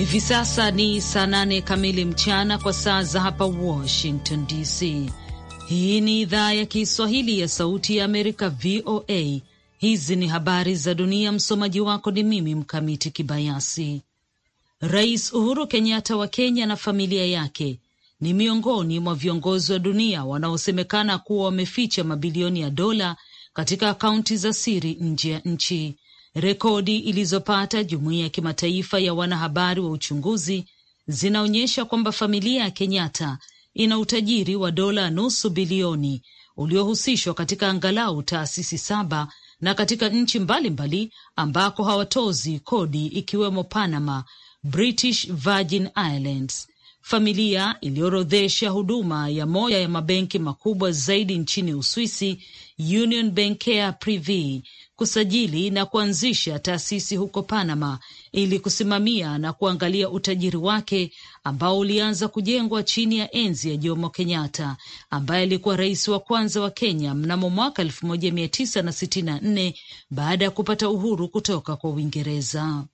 Hivi sasa ni saa nane kamili mchana kwa saa za hapa Washington DC. Hii ni idhaa ya Kiswahili ya Sauti ya Amerika, VOA. Hizi ni habari za dunia. Msomaji wako ni mimi Mkamiti Kibayasi. Rais Uhuru Kenyatta wa Kenya na familia yake ni miongoni mwa viongozi wa dunia wanaosemekana kuwa wameficha mabilioni ya dola katika akaunti za siri nje ya nchi Rekodi ilizopata jumuiya ya kimataifa ya wanahabari wa uchunguzi zinaonyesha kwamba familia ya Kenyatta ina utajiri wa dola nusu bilioni uliohusishwa katika angalau taasisi saba na katika nchi mbalimbali ambako hawatozi kodi ikiwemo Panama, British Virgin Islands. Familia iliorodhesha huduma ya moja ya mabenki makubwa zaidi nchini Uswisi, Union Bancaire Privee, kusajili na kuanzisha taasisi huko Panama ili kusimamia na kuangalia utajiri wake ambao ulianza kujengwa chini ya enzi ya Jomo Kenyatta ambaye alikuwa rais wa kwanza wa Kenya mnamo mwaka 1964 baada ya kupata uhuru kutoka kwa Uingereza.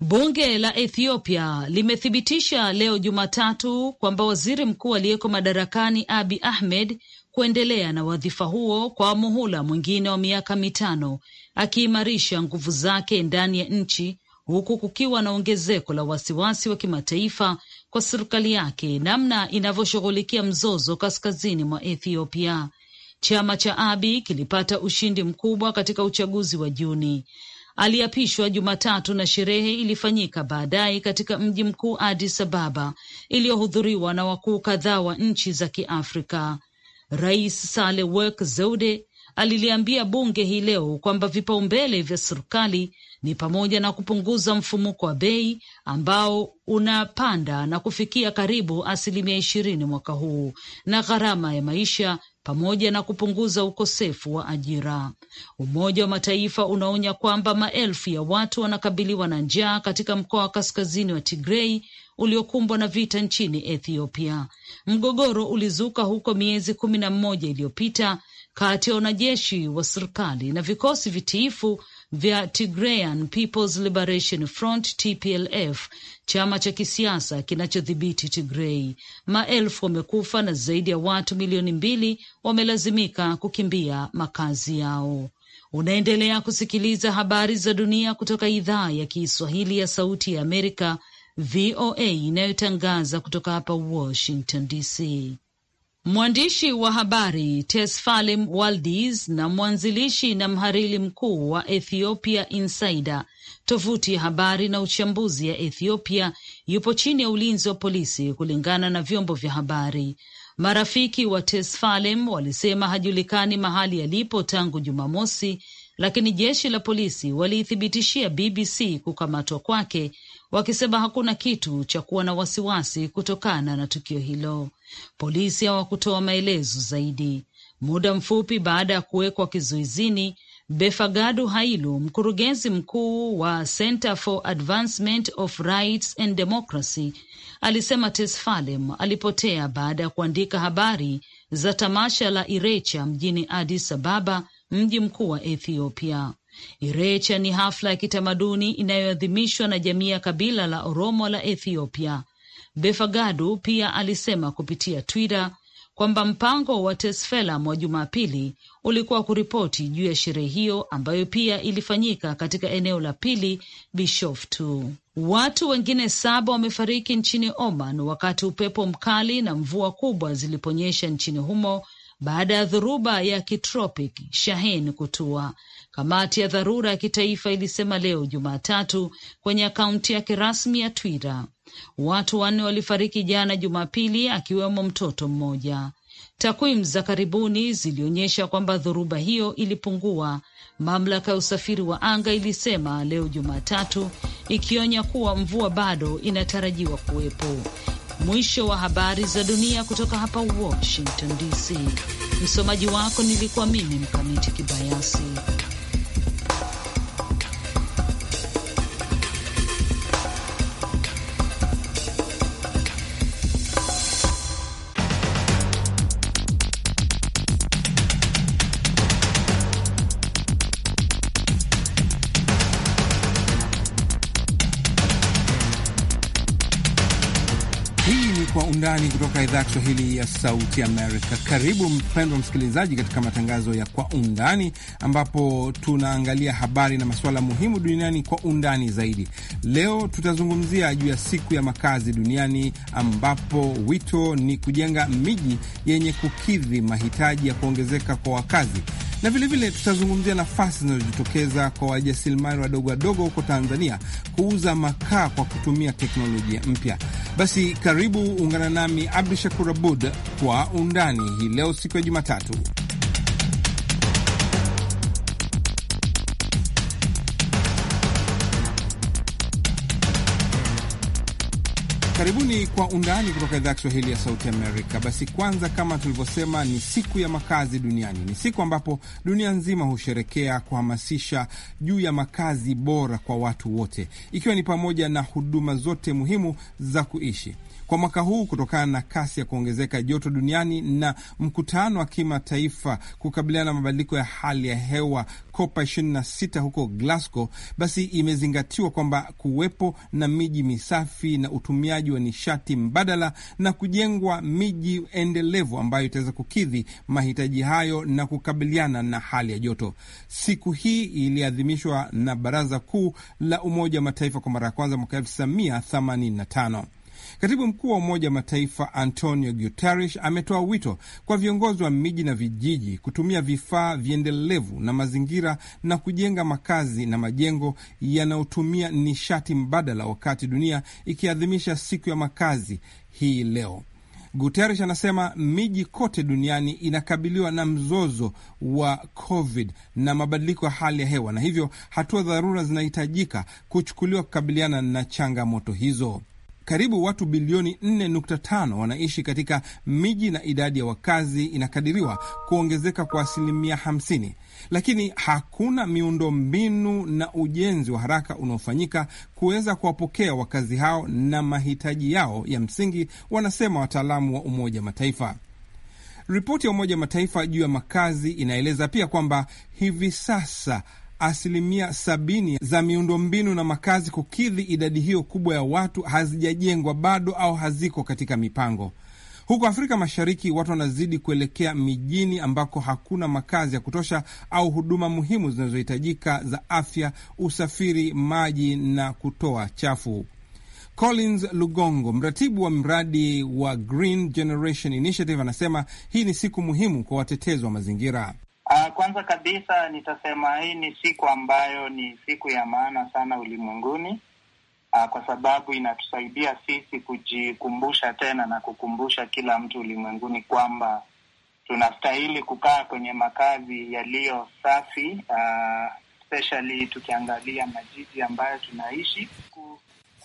Bunge la Ethiopia limethibitisha leo Jumatatu kwamba waziri mkuu aliyeko madarakani Abi Ahmed kuendelea na wadhifa huo kwa muhula mwingine wa miaka mitano, akiimarisha nguvu zake ndani ya nchi huku kukiwa na ongezeko la wasiwasi wa kimataifa kwa serikali yake namna inavyoshughulikia mzozo kaskazini mwa Ethiopia. Chama cha Abi kilipata ushindi mkubwa katika uchaguzi wa Juni. Aliapishwa Jumatatu na sherehe ilifanyika baadaye katika mji mkuu Addis Ababa, iliyohudhuriwa na wakuu kadhaa wa nchi za Kiafrika. Rais Sale work Zeude aliliambia bunge hii leo kwamba vipaumbele vya serikali ni pamoja na kupunguza mfumuko wa bei ambao unapanda na kufikia karibu asilimia ishirini mwaka huu na gharama ya maisha pamoja na kupunguza ukosefu wa ajira. Umoja wa Mataifa unaonya kwamba maelfu ya watu wanakabiliwa na njaa katika mkoa wa kaskazini wa Tigrei uliokumbwa na vita nchini Ethiopia. Mgogoro ulizuka huko miezi kumi na mmoja iliyopita kati ya wanajeshi wa serikali na vikosi vitiifu vya Tigrayan People's Liberation Front TPLF, chama cha kisiasa kinachodhibiti Tigrei. Maelfu wamekufa na zaidi ya watu milioni mbili wamelazimika kukimbia makazi yao. Unaendelea kusikiliza habari za dunia kutoka idhaa ya Kiswahili ya Sauti ya Amerika VOA inayotangaza kutoka hapa Washington DC. Mwandishi wa habari Tesfalem waldis na mwanzilishi na mhariri mkuu wa Ethiopia Insider, tovuti ya habari na uchambuzi ya Ethiopia, yupo chini ya ulinzi wa polisi, kulingana na vyombo vya habari. Marafiki wa Tesfalem walisema hajulikani mahali alipo tangu Jumamosi, lakini jeshi la polisi waliithibitishia BBC kukamatwa kwake wakisema hakuna kitu cha kuwa na wasiwasi kutokana na tukio hilo. Polisi hawakutoa maelezo zaidi. Muda mfupi baada ya kuwekwa kizuizini, Befagadu Hailu, mkurugenzi mkuu wa Center for Advancement of Rights and Democracy, alisema Tesfalem alipotea baada ya kuandika habari za tamasha la Irecha mjini Addis Ababa, mji mkuu wa Ethiopia. Irecha ni hafla ya kitamaduni inayoadhimishwa na jamii ya kabila la Oromo la Ethiopia. befagadu pia alisema kupitia Twitter kwamba mpango wa tesfelam wa Jumapili ulikuwa kuripoti juu ya sherehe hiyo ambayo pia ilifanyika katika eneo la pili Bishoftu. Watu wengine saba wamefariki nchini Oman wakati upepo mkali na mvua kubwa ziliponyesha nchini humo baada ya dhoruba ya kitropic Shaheen kutua Kamati ya dharura ya kitaifa ilisema leo Jumatatu kwenye akaunti yake rasmi ya Twitter watu wanne walifariki jana Jumapili, akiwemo mtoto mmoja. Takwimu za karibuni zilionyesha kwamba dhoruba hiyo ilipungua, mamlaka ya usafiri wa anga ilisema leo Jumatatu, ikionya kuwa mvua bado inatarajiwa kuwepo. Mwisho wa habari za dunia kutoka hapa Washington DC. Msomaji wako nilikuwa mimi Mkamiti Kibayasi. Undani kutoka idhaa ya Kiswahili ya Sauti Amerika. Karibu mpendwa msikilizaji, katika matangazo ya Kwa Undani ambapo tunaangalia habari na masuala muhimu duniani kwa undani zaidi. Leo tutazungumzia juu ya siku ya makazi duniani, ambapo wito ni kujenga miji yenye kukidhi mahitaji ya kuongezeka kwa wakazi na vilevile tutazungumzia nafasi zinazojitokeza kwa wajasiriamali wadogo wadogo huko Tanzania kuuza makaa kwa kutumia teknolojia mpya. Basi karibu, ungana nami Abdu Shakur Abud kwa undani hii leo, siku ya Jumatatu. Karibuni kwa undani kutoka idhaa ya Kiswahili ya Sauti Amerika. Basi kwanza, kama tulivyosema, ni siku ya makazi duniani. Ni siku ambapo dunia nzima husherekea kuhamasisha juu ya makazi bora kwa watu wote, ikiwa ni pamoja na huduma zote muhimu za kuishi kwa mwaka huu kutokana na kasi ya kuongezeka joto duniani na mkutano wa kimataifa kukabiliana na mabadiliko ya hali ya hewa Kopa 26 huko Glasgow, basi imezingatiwa kwamba kuwepo na miji misafi na utumiaji wa nishati mbadala na kujengwa miji endelevu ambayo itaweza kukidhi mahitaji hayo na kukabiliana na hali ya joto. Siku hii iliadhimishwa na Baraza Kuu la Umoja wa Mataifa kwa mara ya kwanza mwaka 1985. Katibu mkuu wa Umoja wa Mataifa Antonio Guterres ametoa wito kwa viongozi wa miji na vijiji kutumia vifaa viendelevu na mazingira na kujenga makazi na majengo yanayotumia nishati mbadala, wakati dunia ikiadhimisha siku ya makazi hii leo. Guterres anasema miji kote duniani inakabiliwa na mzozo wa COVID na mabadiliko ya hali ya hewa, na hivyo hatua dharura zinahitajika kuchukuliwa kukabiliana na changamoto hizo. Karibu watu bilioni 4.5 wanaishi katika miji na idadi ya wakazi inakadiriwa kuongezeka kwa asilimia 50, lakini hakuna miundombinu na ujenzi wa haraka unaofanyika kuweza kuwapokea wakazi hao na mahitaji yao ya msingi, wanasema wataalamu wa Umoja Mataifa. Ripoti ya Umoja Mataifa juu ya makazi inaeleza pia kwamba hivi sasa asilimia sabini za miundombinu na makazi kukidhi idadi hiyo kubwa ya watu hazijajengwa bado au haziko katika mipango. Huko Afrika Mashariki watu wanazidi kuelekea mijini ambako hakuna makazi ya kutosha au huduma muhimu zinazohitajika za afya, usafiri, maji na kutoa chafu. Collins Lugongo, mratibu wa mradi wa Green Generation Initiative, anasema hii ni siku muhimu kwa watetezi wa mazingira. Uh, kwanza kabisa nitasema hii ni siku ambayo ni siku ya maana sana ulimwenguni, uh, kwa sababu inatusaidia sisi kujikumbusha tena na kukumbusha kila mtu ulimwenguni kwamba tunastahili kukaa kwenye makazi yaliyo safi, uh, especially tukiangalia majiji ambayo tunaishi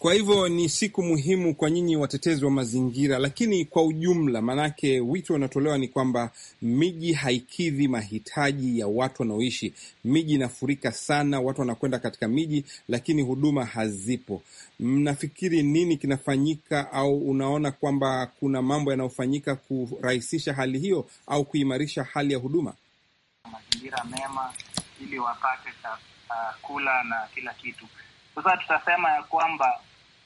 kwa hivyo ni siku muhimu kwa nyinyi watetezi wa mazingira, lakini kwa ujumla, maanake wito unatolewa ni kwamba miji haikidhi mahitaji ya watu wanaoishi. Miji inafurika sana, watu wanakwenda katika miji, lakini huduma hazipo. Mnafikiri nini kinafanyika, au unaona kwamba kuna mambo yanayofanyika kurahisisha hali hiyo au kuimarisha hali ya huduma? Mazingira mema ili wapate chakula ah, na kila kitu. Sasa tutasema ya kwamba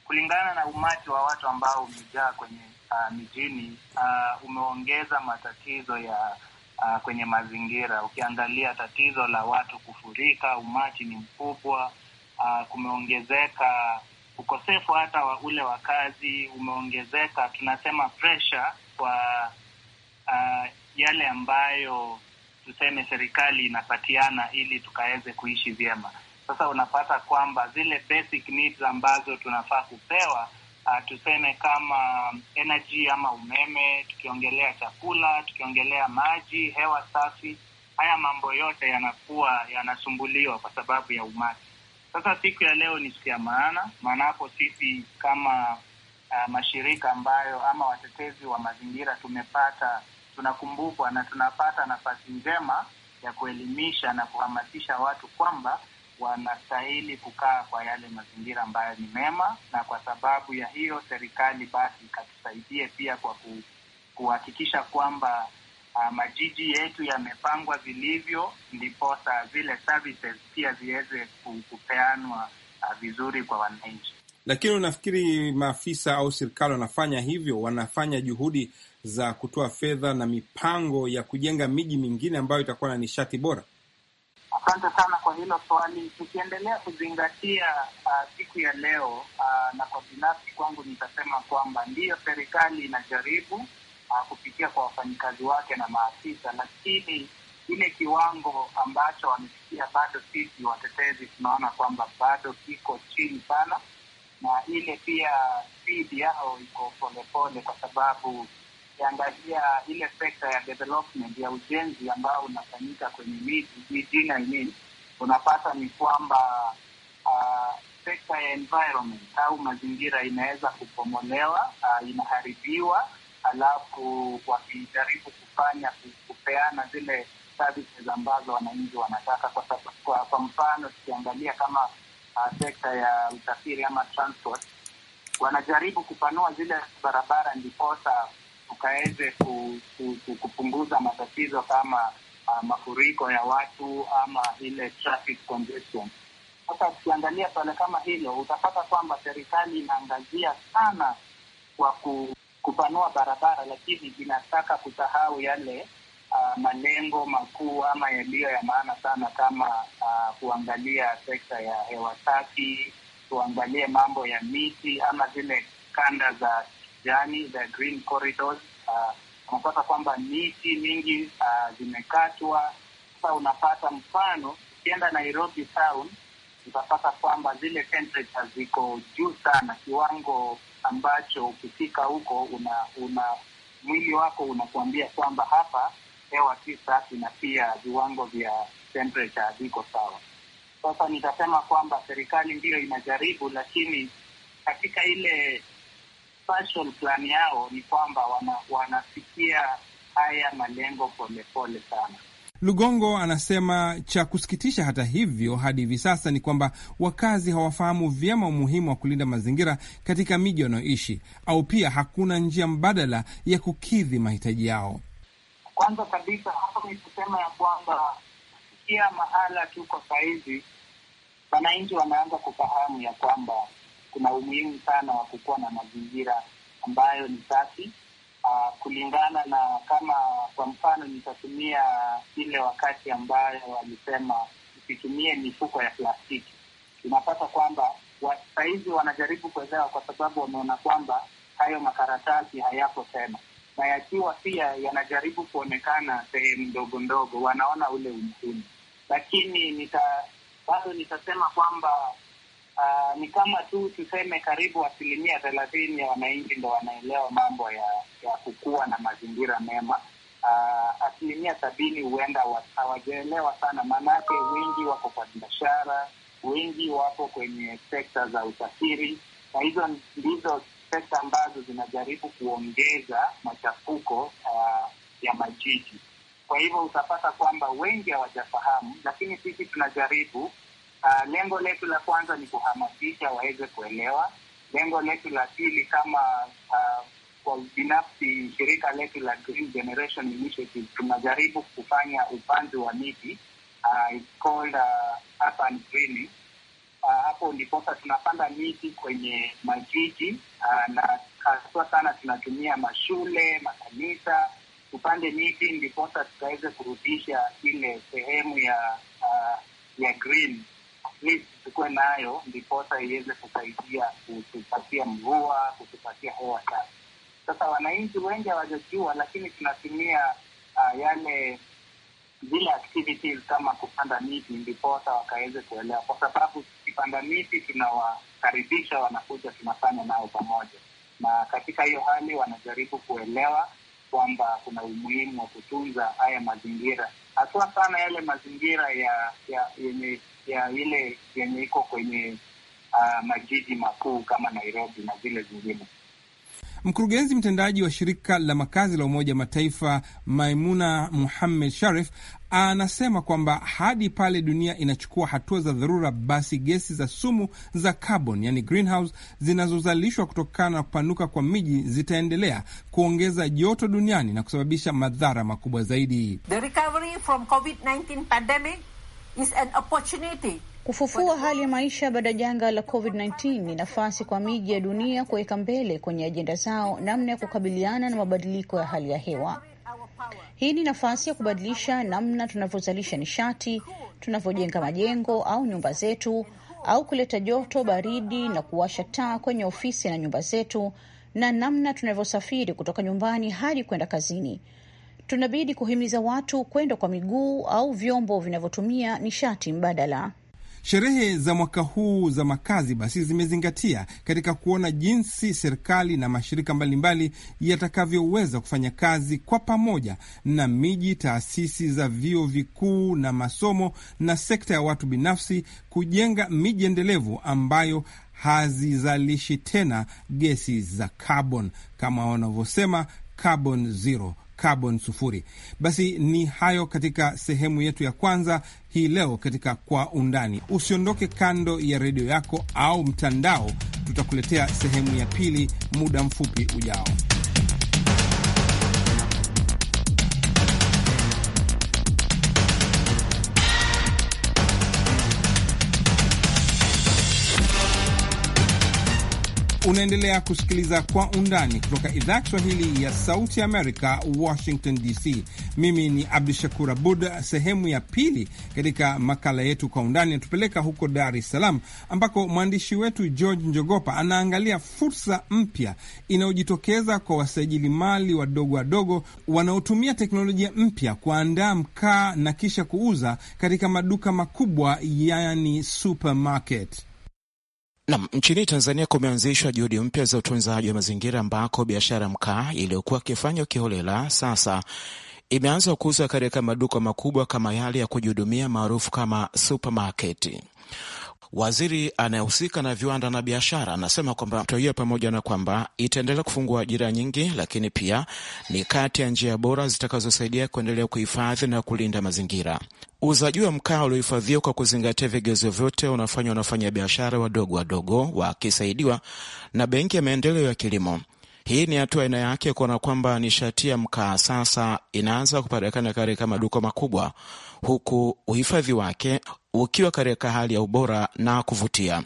kulingana na umati wa watu ambao umejaa kwenye uh, mijini uh, umeongeza matatizo ya uh, kwenye mazingira. Ukiangalia tatizo la watu kufurika, umati ni mkubwa. Uh, kumeongezeka ukosefu hata wa ule wa kazi umeongezeka, tunasema pressure kwa uh, yale ambayo tuseme serikali inapatiana ili tukaweze kuishi vyema. Sasa unapata kwamba zile basic needs ambazo tunafaa kupewa uh, tuseme kama energy ama umeme, tukiongelea chakula, tukiongelea maji, hewa safi, haya mambo yote yanakuwa yanasumbuliwa kwa sababu ya umati. Sasa siku ya leo ni siku ya maana, maanapo sisi kama uh, mashirika ambayo ama watetezi wa mazingira tumepata, tunakumbukwa na tunapata nafasi njema ya kuelimisha na kuhamasisha watu kwamba wanastahili kukaa kwa yale mazingira ambayo ni mema, na kwa sababu ya hiyo serikali basi ikatusaidie pia kwa ku, kuhakikisha kwamba uh, majiji yetu yamepangwa vilivyo, ndiposa zile services pia ziweze kupeanwa uh, vizuri kwa wananchi. Lakini unafikiri maafisa au serikali wanafanya hivyo? Wanafanya juhudi za kutoa fedha na mipango ya kujenga miji mingine ambayo itakuwa na nishati bora? Asante sana kwa hilo swali. Tukiendelea kuzingatia uh, siku ya leo uh, na kwa binafsi kwangu nitasema kwamba ndiyo serikali inajaribu uh, kupitia kwa wafanyikazi wake na maafisa, lakini ile kiwango ambacho wamefikia bado sisi watetezi tunaona kwamba bado kiko chini sana, na ile pia spidi yao iko polepole kwa sababu ukiangazia ile sekta ya development ya ujenzi ambao unafanyika kwenye miji mijini, I mean, unapata ni kwamba uh, sekta ya environment au mazingira inaweza kupomolewa, uh, inaharibiwa, alafu wakijaribu kufanya kupeana zile services ambazo wananchi wanataka. Kwa, kwa, kwa mfano tukiangalia kama uh, sekta ya usafiri ama transport, wanajaribu kupanua zile barabara ndiposa tukaweze ku, ku, ku, kupunguza matatizo kama uh, mafuriko ya watu ama ile traffic congestion. Sasa ukiangalia swala kama hilo, utapata kwamba serikali inaangazia sana kwa ku, kupanua barabara, lakini inataka kusahau yale uh, malengo makuu ama yaliyo ya maana sana kama uh, kuangalia sekta ya hewa safi, kuangalia mambo ya miti ama zile kanda za kijani, the green corridors. Uh, unapata kwamba miti mingi uh, zimekatwa. Uh, sasa unapata mfano, ukienda Nairobi town utapata kwamba zile temperature ziko juu sana, kiwango ambacho ukifika huko una, una mwili wako unakuambia kwamba hapa hewa si safi na pia viwango vya temperature viko sawa. Sasa nitasema kwamba serikali ndiyo inajaribu, lakini katika ile passion plan yao ni kwamba wanafikia wana haya malengo polepole sana. Lugongo anasema cha kusikitisha hata hivyo, hadi hivi sasa ni kwamba wakazi hawafahamu vyema umuhimu wa kulinda mazingira katika miji wanayoishi, au pia hakuna njia mbadala ya kukidhi mahitaji yao. Kwanza kabisa hapo ni kusema ya kwamba kufikia mahala tuko sahizi, wananchi wanaanza kufahamu ya kwamba kuna umuhimu sana wa kukuwa na mazingira ambayo ni safi uh, kulingana na kama kwa mfano nitatumia ile wakati ambayo walisema usitumie mifuko ya plastiki. Tunapata kwamba sahizi wanajaribu kuelewa, kwa sababu wameona kwamba hayo makaratasi hayapo tena, na yakiwa pia yanajaribu kuonekana sehemu ndogo ndogo, wanaona ule umuhimu, lakini nita bado nitasema kwamba uh, ni kama tu tuseme karibu asilimia thelathini ya wananchi ndo wanaelewa mambo ya, ya kukua na mazingira mema. Uh, asilimia sabini huenda hawajaelewa sana, maanake wengi wako kwa biashara, wengi wako kwenye sekta za usafiri, na hizo ndizo sekta ambazo zinajaribu kuongeza machafuko uh, ya majiji. Kwa hivyo utapata kwamba wengi hawajafahamu, lakini sisi tunajaribu Uh, lengo letu la kwanza ni kuhamasisha waweze kuelewa. Lengo letu la pili kama uh, kwa binafsi shirika letu la Green Generation Initiative tunajaribu kufanya upanzi wa miti uh, it's called uh, urban greening. Uh, hapo ndiposa tunapanda miti kwenye majiji uh, na haswa sana tunatumia mashule, makanisa tupande miti ndiposa tutaweze kurudisha ile sehemu ya uh, ya green hii tukuwe nayo, ndiposa iweze kusaidia kutupatia mvua, kutupatia hewa safi. Sasa wananchi wengi hawajajua, lakini tunatumia uh, yale zile activities kama kupanda miti ndiposa wakaweze kuelewa, kwa sababu tukipanda miti tunawakaribisha, wanakuja, tunafanya nao pamoja, na katika hiyo hali wanajaribu kuelewa kwamba kuna umuhimu wa kutunza haya mazingira, haswa sana yale mazingira ya, ya yenye ya ile yenye iko kwenye uh, majiji makuu kama Nairobi na zile zingine. Mkurugenzi mtendaji wa shirika la makazi la Umoja Mataifa Maimuna Muhammed Sharif anasema kwamba hadi pale dunia inachukua hatua za dharura, basi gesi za sumu za carbon, yani greenhouse, zinazozalishwa kutokana na kupanuka kwa miji zitaendelea kuongeza joto duniani na kusababisha madhara makubwa zaidi. The recovery from COVID-19 pandemic is an opportunity. Kufufua hali ya maisha baada ya janga la COVID-19 ni nafasi kwa miji ya dunia kuweka mbele kwenye ajenda zao namna ya kukabiliana na mabadiliko ya hali ya hewa. Hii ni nafasi ya kubadilisha namna tunavyozalisha nishati, tunavyojenga majengo au nyumba zetu, au kuleta joto, baridi na kuwasha taa kwenye ofisi na nyumba zetu, na namna tunavyosafiri kutoka nyumbani hadi kwenda kazini tunabidi kuhimiza watu kwenda kwa miguu au vyombo vinavyotumia nishati mbadala. Sherehe za mwaka huu za makazi basi zimezingatia katika kuona jinsi serikali na mashirika mbalimbali yatakavyoweza kufanya kazi kwa pamoja na miji, taasisi za vyuo vikuu na masomo na sekta ya watu binafsi kujenga miji endelevu ambayo hazizalishi tena gesi za carbon kama wanavyosema carbon zero carbon sufuri. Basi ni hayo katika sehemu yetu ya kwanza hii leo katika Kwa Undani. Usiondoke kando ya redio yako au mtandao, tutakuletea sehemu ya pili muda mfupi ujao. Unaendelea kusikiliza Kwa Undani kutoka idhaa ya Kiswahili ya Sauti Amerika, Washington DC. Mimi ni Abdu Shakur Abud. Sehemu ya pili katika makala yetu Kwa Undani inatupeleka huko Dar es Salaam, ambako mwandishi wetu George Njogopa anaangalia fursa mpya inayojitokeza kwa wasajili mali wadogo wadogo wanaotumia teknolojia mpya kuandaa mkaa na kisha kuuza katika maduka makubwa, yani supermarket. Nam, nchini Tanzania kumeanzishwa juhudi mpya za utunzaji wa mazingira ambako biashara mkaa iliyokuwa ikifanywa kiholela sasa imeanza kuuzwa katika maduka makubwa kama yale ya kujihudumia maarufu kama supamaketi. Waziri anayehusika na viwanda na biashara anasema kwamba hatua hiyo, pamoja na kwamba itaendelea kufungua ajira nyingi, lakini pia ni kati ya njia bora zitakazosaidia kuendelea kuhifadhi na kulinda mazingira. Uuzaji wa mkaa uliohifadhiwa kwa kuzingatia vigezo vyote unafanywa na wafanyabiashara wadogo wadogo wakisaidiwa na Benki ya Maendeleo ya Kilimo. Hii ni hatua aina yake kuona kwamba nishati ya mkaa sasa inaanza kupatikana katika maduka makubwa, huku uhifadhi wake ukiwa katika hali ya ubora na kuvutia.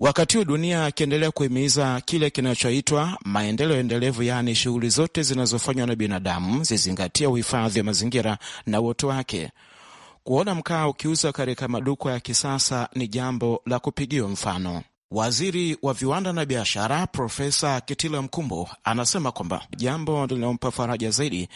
Wakati huu dunia akiendelea kuhimiza kile kinachoitwa maendeleo endelevu, yaani shughuli zote zinazofanywa na binadamu zizingatia uhifadhi wa mazingira na uoto wake. Kuona mkaa ukiuza katika maduka ya kisasa ni jambo la kupigiwa mfano. Waziri wa viwanda na biashara Profesa Kitila Mkumbo anasema kwamba jambo linalompa faraja zaidi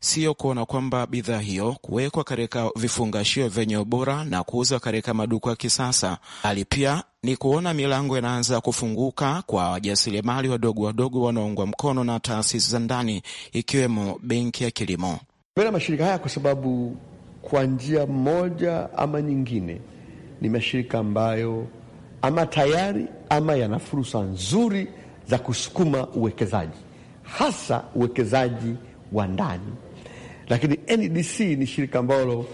sio kuona kwamba bidhaa hiyo kuwekwa katika vifungashio vyenye ubora na kuuzwa katika maduka ya kisasa, bali pia ni kuona milango inaanza kufunguka kwa wajasiriamali wadogo wadogo wanaoungwa mkono na taasisi za ndani ikiwemo benki ya kilimo. Mbele mashirika haya kwa sababu kwa njia moja ama nyingine ni mashirika ambayo ama tayari ama yana fursa nzuri za kusukuma uwekezaji, hasa uwekezaji wa ndani. Lakini NDC ni shirika ambalo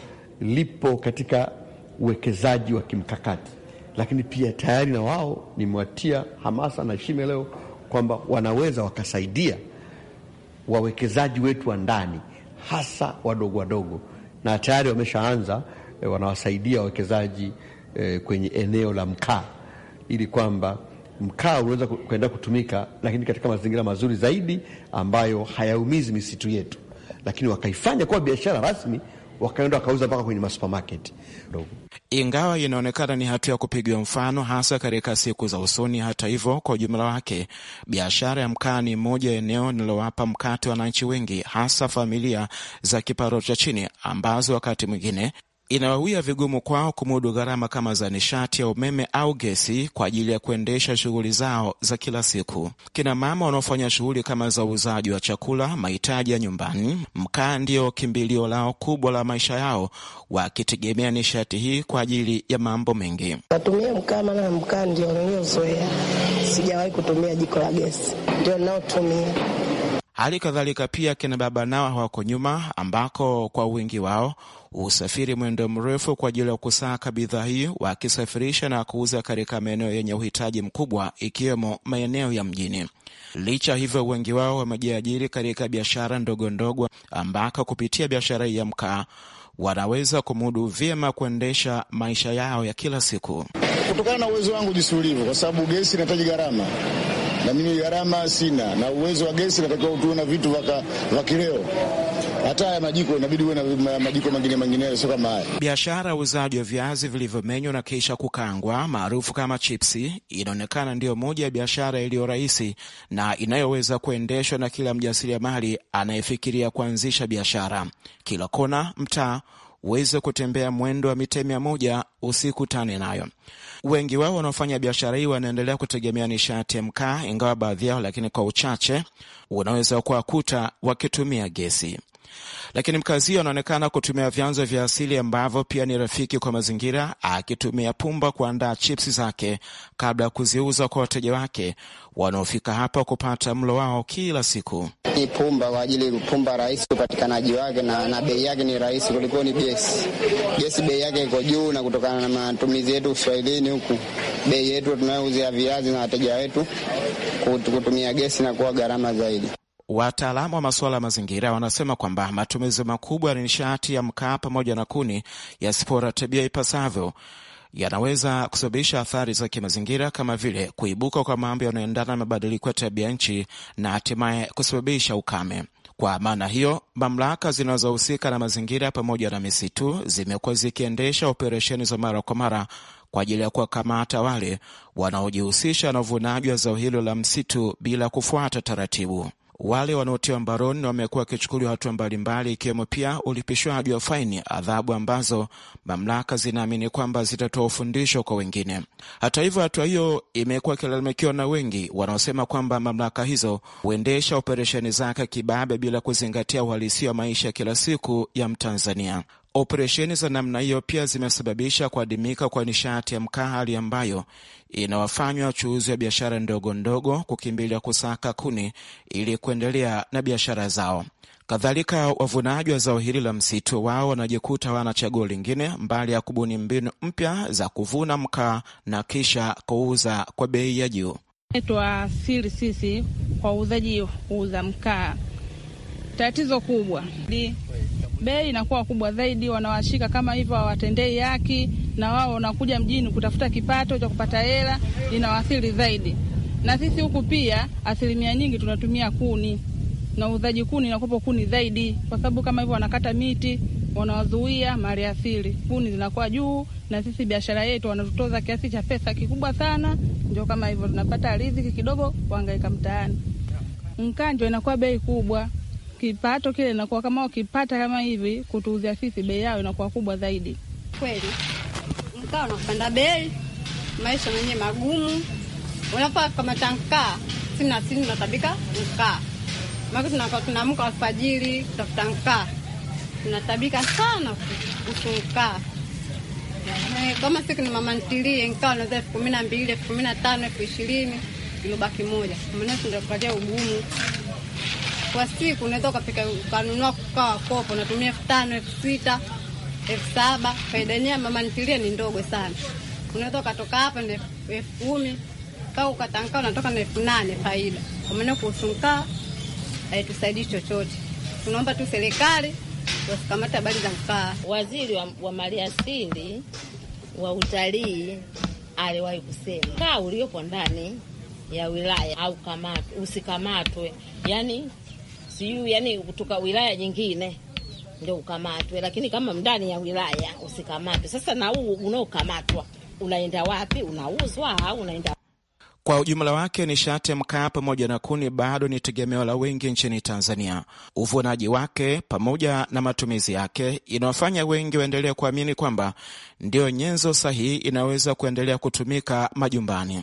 lipo katika uwekezaji wa kimkakati, lakini pia tayari na wao nimewatia hamasa na heshima leo kwamba wanaweza wakasaidia wawekezaji wetu wa ndani, hasa wadogo wadogo, na tayari wameshaanza e, wanawasaidia wawekezaji e, kwenye eneo la mkaa ili kwamba mkaa unaweza kuenda kutumika, lakini katika mazingira mazuri zaidi ambayo hayaumizi misitu yetu lakini wakaifanya kuwa biashara rasmi, wakaenda wakauza mpaka kwenye masupermarket. Ingawa inaonekana ni hatua ya kupigiwa mfano hasa katika siku za usoni, hata hivyo, kwa ujumla wake biashara ya mkaa ni moja ya eneo linalowapa mkate wananchi wengi, hasa familia za kiparo cha chini ambazo wakati mwingine inawawia vigumu kwao kumudu gharama kama za nishati ya umeme au gesi kwa ajili ya kuendesha shughuli zao za kila siku. Kina mama wanaofanya shughuli kama za uuzaji wa chakula, mahitaji ya nyumbani, mkaa ndio kimbilio lao kubwa la maisha yao, wakitegemea nishati hii kwa ajili ya mambo mengi. Natumia mkaa, maana mkaa ndio niliozoea, sijawahi kutumia jiko la gesi, ndio naotumia Hali kadhalika pia kina baba nao hawako nyuma, ambako kwa wingi wao usafiri mwendo mrefu kwa ajili ya kusaka bidhaa hii, wakisafirisha na kuuza katika maeneo yenye uhitaji mkubwa, ikiwemo maeneo ya mjini. Licha hivyo, wengi wao wamejiajiri katika biashara ndogo ndogo, ambako kupitia biashara hii ya mkaa wanaweza kumudu vyema kuendesha maisha yao ya kila siku. Kutokana na uwezo wangu jinsi ulivyo, kwa sababu gesi inahitaji gharama na mimi gharama sina, na uwezo wa gesi natakiwa utuwe na vitu vya kileo hata haya majiko inabidi uwe na majiko mengine mengineyo, sio kama haya. Biashara ya uuzaji wa viazi vilivyomenywa na kisha kukangwa maarufu kama chipsi inaonekana ndiyo moja ya biashara iliyo rahisi na inayoweza kuendeshwa na kila mjasiriamali anayefikiria kuanzisha biashara. Kila kona, mtaa uweze kutembea mwendo wa mita mia moja usikutane nayo. Wengi wao wanaofanya biashara hii wanaendelea kutegemea nishati ya mkaa, ingawa baadhi yao, lakini kwa uchache, unaweza kuwakuta wakitumia gesi lakini mkazi huyo anaonekana kutumia vyanzo vya asili ambavyo pia ni rafiki kwa mazingira, akitumia pumba kuandaa chipsi zake kabla ya kuziuza kwa wateja wake wanaofika hapa kupata mlo wao kila siku. Ni pumba kwa ajili pumba rahisi upatikanaji wake na, na bei yake ni rahisi kuliko ni gesi. Gesi bei yake iko juu, na kutokana na matumizi yetu uswahilini huku, bei yetu tunayouzia viazi na wateja wetu kutumia gesi na kuwa gharama zaidi. Wataalamu wa masuala ya mazingira wanasema kwamba matumizi makubwa ya nishati ya mkaa pamoja na kuni tabia ipasavyo yanaweza kusababisha athari za kimazingira kama vile kuibuka kwa mambo yanayoendana na mabadiliko ya tabia nchi na hatimaye kusababisha ukame. Kwa maana hiyo, mamlaka zinazohusika na mazingira pamoja na misitu zimekuwa zikiendesha operesheni za mara kwa mara kwa ajili ya kuwakamata wale wanaojihusisha na uvunaji wa zao hilo la msitu bila kufuata taratibu. Wale wanaotiwa mbaroni wamekuwa wakichukuliwa hatua mbalimbali, ikiwemo pia ulipishwaji wa faini, adhabu ambazo mamlaka zinaamini kwamba zitatoa ufundisho kwa wengine. Hata hivyo, hatua hiyo imekuwa ikilalamikiwa na wengi wanaosema kwamba mamlaka hizo huendesha operesheni zake kibabe bila kuzingatia uhalisia wa maisha ya kila siku ya Mtanzania. Operesheni za namna hiyo pia zimesababisha kuadimika kwa nishati ya mkaa, hali ambayo inawafanywa wachuuzi wa biashara ndogo ndogo kukimbilia kusaka kuni ili kuendelea na biashara zao. Kadhalika, wavunaji wa zao hili la msitu wao wanajikuta wana chaguo lingine mbali ya kubuni mbinu mpya za kuvuna mkaa na kisha kuuza kwa bei ya juu. Twa siri sisi uuzaji huuza mkaa, tatizo kubwa bei inakuwa kubwa zaidi, wanawashika kama hivyo, hawatendei haki, na wao wanakuja mjini kutafuta kipato cha kupata hela, inawaathiri zaidi. Na sisi huku pia asilimia nyingi tunatumia kuni na uuzaji kuni, inakuwa kuni zaidi, kwa sababu kama hivyo wanakata miti, wanawazuia mali asili, kuni zinakuwa juu, na sisi biashara yetu wanatutoza kiasi cha pesa kikubwa sana, ndio kama hivyo tunapata riziki kidogo, wangaika mtaani. Mkanjo inakuwa bei kubwa kipato kile inakuwa kama wakipata kama hivi kutuuzia sisi, bei yao inakuwa kubwa zaidi. Kweli mkaa unapanda bei, maisha mwenyewe magumu. Unafaa kamata mkaa sini na sini, unatabika mkaa maka, tunakuwa tunaamka alfajiri kutafuta mkaa, tunatabika sana kuhusu mkaa. Eh, kama siku ni mama ntilie mkaa naza elfu kumi na mbili elfu kumi na tano elfu ishirini ilobaki moja, maana tunapata ugumu kwa siku unaweza ukafika ukanunua kukaa wakopo, unatumia elfu tano elfu sita elfu saba Faida yenyewe mama ni ndogo sana, unaweza ukatoka hapa na elfu kumi kaa ukatankaa unatoka na elfu nane faida. Kwa maana kuhusu mkaa haitusaidii chochote, tunaomba tu serikali wasikamata habari za mkaa. Waziri wa, wa maliasili wa utalii aliwahi kusema mkaa uliopo ndani ya wilaya au kamatwe usikamatwe, yani sijui yani kutoka wilaya nyingine ndio ukamatwe, lakini kama ndani ya wilaya usikamatwe. Sasa na huu unaokamatwa unaenda wapi? Unauzwa au unaenda kwa ujumla wake nishati ya mkaa pamoja na kuni bado ni tegemeo la wengi nchini Tanzania. Uvunaji wake pamoja na matumizi yake inawafanya wengi waendelee kuamini kwamba ndiyo nyenzo sahihi inaweza kuendelea kutumika majumbani.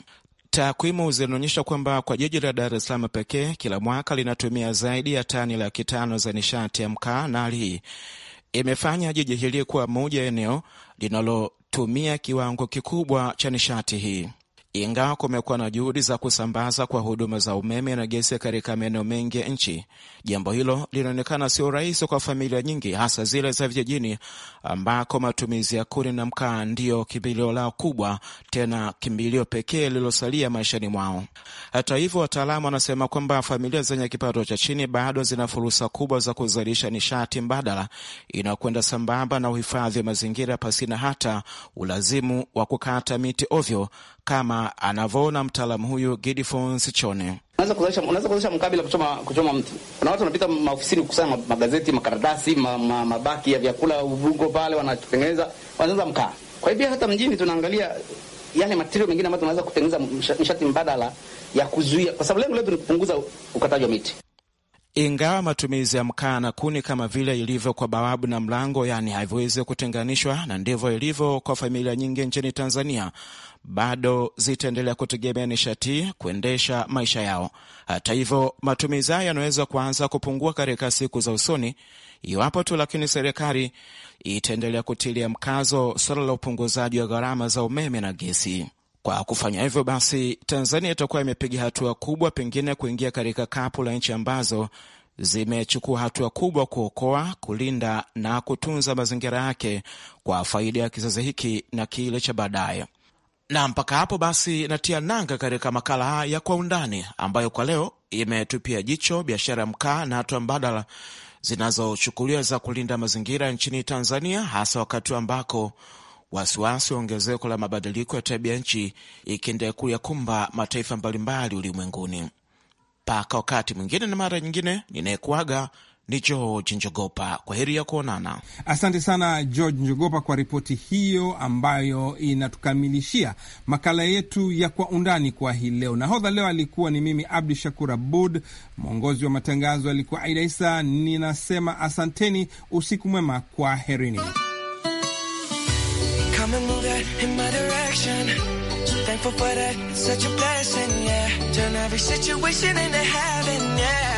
Takwimu zinaonyesha kwamba kwa jiji la Dar es Salaam pekee kila mwaka linatumia zaidi ya tani laki tano za nishati ya mkaa, na hali hii imefanya jiji hili kuwa moja eneo linalotumia kiwango kikubwa cha nishati hii. Ingawa kumekuwa na juhudi za kusambaza kwa huduma za umeme na gesi katika maeneo mengi ya nchi, jambo hilo linaonekana sio rahisi kwa familia nyingi, hasa zile za vijijini ambako matumizi ya kuni na mkaa ndiyo kimbilio lao kubwa, tena kimbilio pekee lililosalia maishani mwao. Hata hivyo, wataalamu wanasema kwamba familia zenye kipato cha chini bado zina fursa kubwa za kuzalisha nishati mbadala inayokwenda sambamba na uhifadhi wa mazingira pasina hata ulazimu wa kukata miti ovyo kama anavyoona mtaalamu huyu Gidfons Chone. Unaweza kuzalisha mkabila kuchoma, kuchoma mtu. Kuna watu wanapita maofisini kukusanya magazeti, makaratasi, ma, ma, mabaki ya vyakula, ubungo pale wanatengeneza, wanaanza mkaa. Kwa hivyo hata mjini tunaangalia yale matirio mengine ambayo tunaweza kutengeneza nishati mbadala ya kuzuia, kwa sababu lengo letu ni kupunguza ukataji wa miti. Ingawa matumizi ya mkaa na kuni kama vile ilivyo kwa bawabu na mlango, yaani haviwezi kutenganishwa, na ndivyo ilivyo kwa familia nyingi nchini Tanzania, bado zitaendelea kutegemea nishati kuendesha maisha yao. Hata hivyo, matumizi hayo yanaweza kuanza kupungua katika siku za usoni iwapo tu lakini serikali itaendelea kutilia mkazo suala la upunguzaji wa gharama za umeme na gesi. Kwa kufanya hivyo basi, Tanzania itakuwa imepiga hatua kubwa, pengine kuingia katika kapu la nchi ambazo zimechukua hatua kubwa kuokoa, kulinda na kutunza mazingira yake kwa faida ya kizazi hiki na kile cha baadaye. Na mpaka hapo basi natia nanga katika makala ya Kwa Undani ambayo kwa leo imetupia jicho biashara ya mkaa na hatua mbadala zinazochukuliwa za kulinda mazingira nchini Tanzania, hasa wakati ambako wasiwasi wa ongezeko la mabadiliko ya tabia nchi ikiendelea kuyakumba mataifa mbalimbali ulimwenguni. Mpaka wakati mwingine na mara nyingine, ninayekuaga ni George Njogopa. Kwa heri ya kuonana. Asante sana George Njogopa kwa ripoti hiyo ambayo inatukamilishia makala yetu ya Kwa Undani kwa hii leo. Nahodha leo alikuwa ni mimi Abdu Shakur Abud, mwongozi wa matangazo alikuwa Aida Isa. Ninasema asanteni, usiku mwema, kwa herini. in my direction. So thankful for that, it's such a blessing, yeah. Turn every situation into heaven, yeah.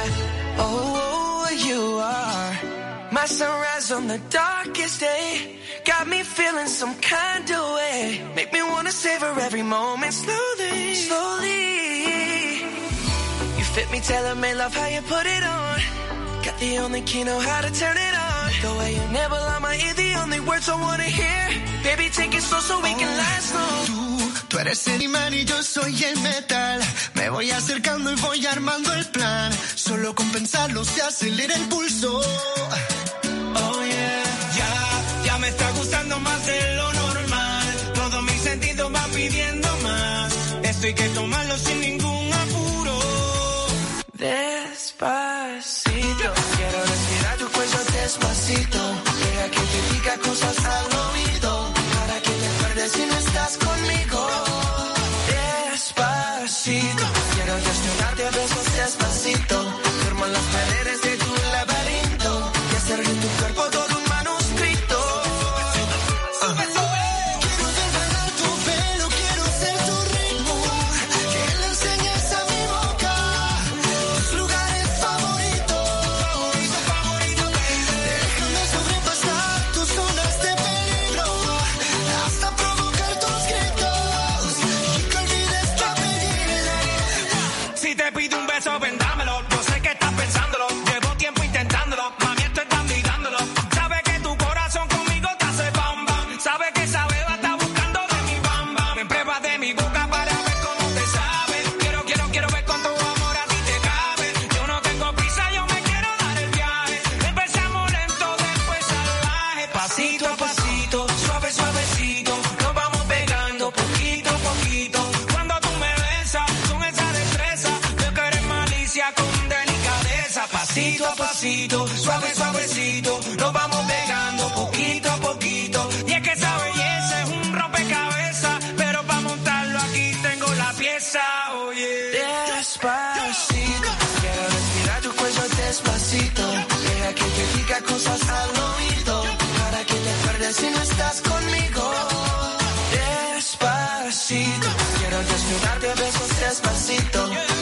Oh, oh, oh, you are my sunrise on the darkest day. Got me feeling some kind of way. Make me wanna savor every moment slowly, slowly. You fit me, tell me, love how you put it on. Got the only key, know how to turn it on. The way you nibble on my ear, the only words I wanna hear. Baby, take it slow so we can last Tú, tú eres el imán y yo soy el metal. Me voy acercando y voy armando el plan. Solo con pensarlo se acelera el pulso. Oh yeah. Ya, ya me está gustando más de lo normal. Todo mi sentido va pidiendo más. Esto hay que tomarlo sin ningún apuro. suave, suavecito, nos vamos pegando poquito a poquito. Y es que esa belleza es un rompecabezas, pero para montarlo aquí tengo la pieza, oye. Despacito, quiero respirar tu cuello despacito. Deja que te diga cosas al oído, para que te acuerdes si no estás conmigo. Despacito, quiero desnudarte besos despacito